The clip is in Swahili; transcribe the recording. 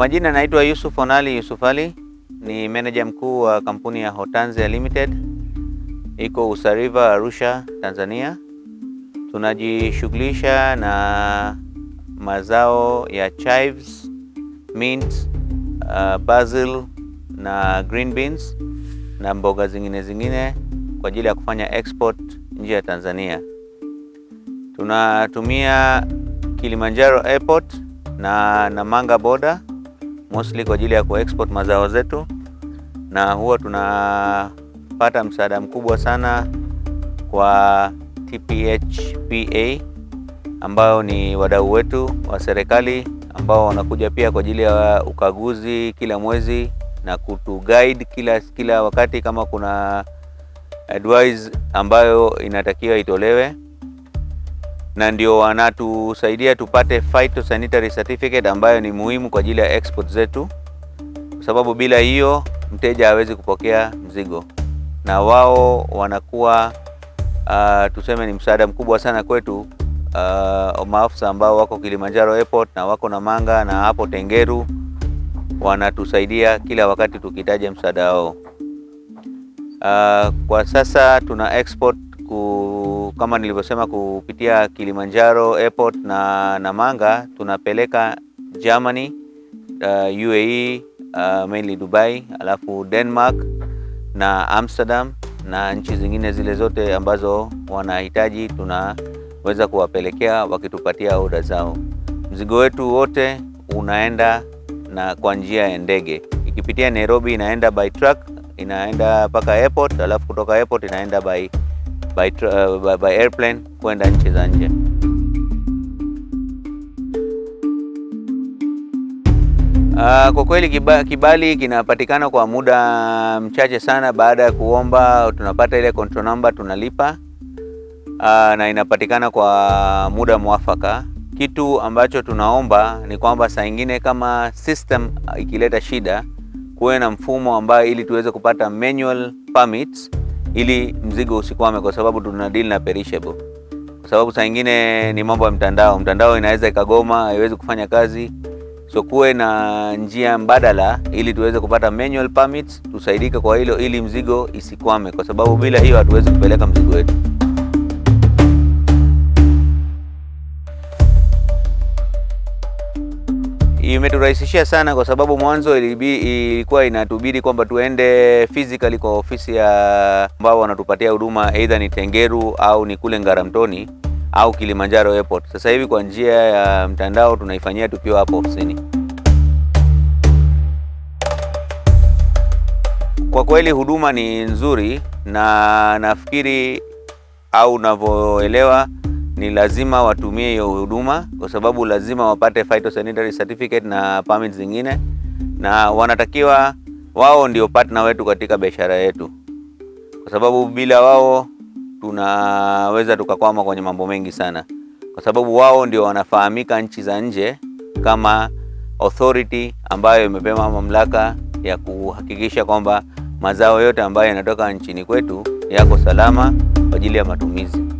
majina naitwa Yusuf Onali Yusuf Ali, ni meneja mkuu wa kampuni ya Hotanzia Limited, iko Usariva, Arusha, Tanzania. Tunajishughulisha na mazao ya chives, mint, uh, basil na green beans na mboga zingine zingine kwa ajili ya kufanya export nje ya Tanzania. Tunatumia Kilimanjaro Airport na Namanga border mostly kwa ajili ya kuexport mazao zetu, na huwa tunapata msaada mkubwa sana kwa TPHPA ambao ni wadau wetu wa serikali ambao wanakuja pia kwa ajili ya ukaguzi kila mwezi na kutu guide kila, kila wakati kama kuna advice ambayo inatakiwa itolewe na ndio wanatusaidia tupate phytosanitary certificate ambayo ni muhimu kwa ajili ya export zetu, kwa sababu bila hiyo mteja hawezi kupokea mzigo, na wao wanakuwa uh, tuseme ni msaada mkubwa sana kwetu. Uh, maafisa ambao wako Kilimanjaro Airport na wako na manga na hapo Tengeru wanatusaidia kila wakati tukitaja msaada wao. Uh, kwa sasa tuna export ku kama nilivyosema kupitia Kilimanjaro Airport na Namanga tunapeleka Germany, uh, UAE, uh, mainly Dubai, alafu Denmark na Amsterdam na nchi zingine zile zote ambazo wanahitaji tunaweza kuwapelekea wakitupatia oda zao. Mzigo wetu wote unaenda na kwa njia ya ndege, ikipitia Nairobi inaenda by truck, inaenda mpaka airport, alafu kutoka airport inaenda by by, uh, by airplane kwenda nchi za nje. Uh, kwa kweli kibali, kibali kinapatikana kwa muda mchache sana baada ya kuomba. Tunapata ile control number, tunalipa uh, na inapatikana kwa muda mwafaka. Kitu ambacho tunaomba ni kwamba saa ingine kama system ikileta shida, kuwe na mfumo ambayo ili tuweze kupata manual permits ili mzigo usikwame, kwa sababu tuna deal na perishable, kwa sababu saa nyingine ni mambo ya mtandao. Mtandao inaweza ikagoma, haiwezi kufanya kazi, so kuwe na njia mbadala ili tuweze kupata manual permits, tusaidike kwa hilo, ili mzigo isikwame, kwa sababu bila hiyo hatuwezi kupeleka mzigo wetu. imeturahisishia sana kwa sababu mwanzo ilikuwa inatubidi kwamba tuende physically kwa ofisi ya ambao wanatupatia huduma, aidha ni Tengeru au ni kule Ngaramtoni au Kilimanjaro Airport. Sasa hivi kwa njia ya mtandao tunaifanyia tukiwa hapo ofisini. Kwa kweli huduma ni nzuri na nafikiri au unavyoelewa ni lazima watumie hiyo huduma kwa sababu lazima wapate phytosanitary certificate na permit zingine, na wanatakiwa wao ndio partner wetu katika biashara yetu, kwa sababu bila wao tunaweza tukakwama kwenye mambo mengi sana, kwa sababu wao ndio wanafahamika nchi za nje kama authority ambayo imepewa mamlaka ya kuhakikisha kwamba mazao yote ambayo yanatoka nchini kwetu yako salama kwa ajili ya matumizi.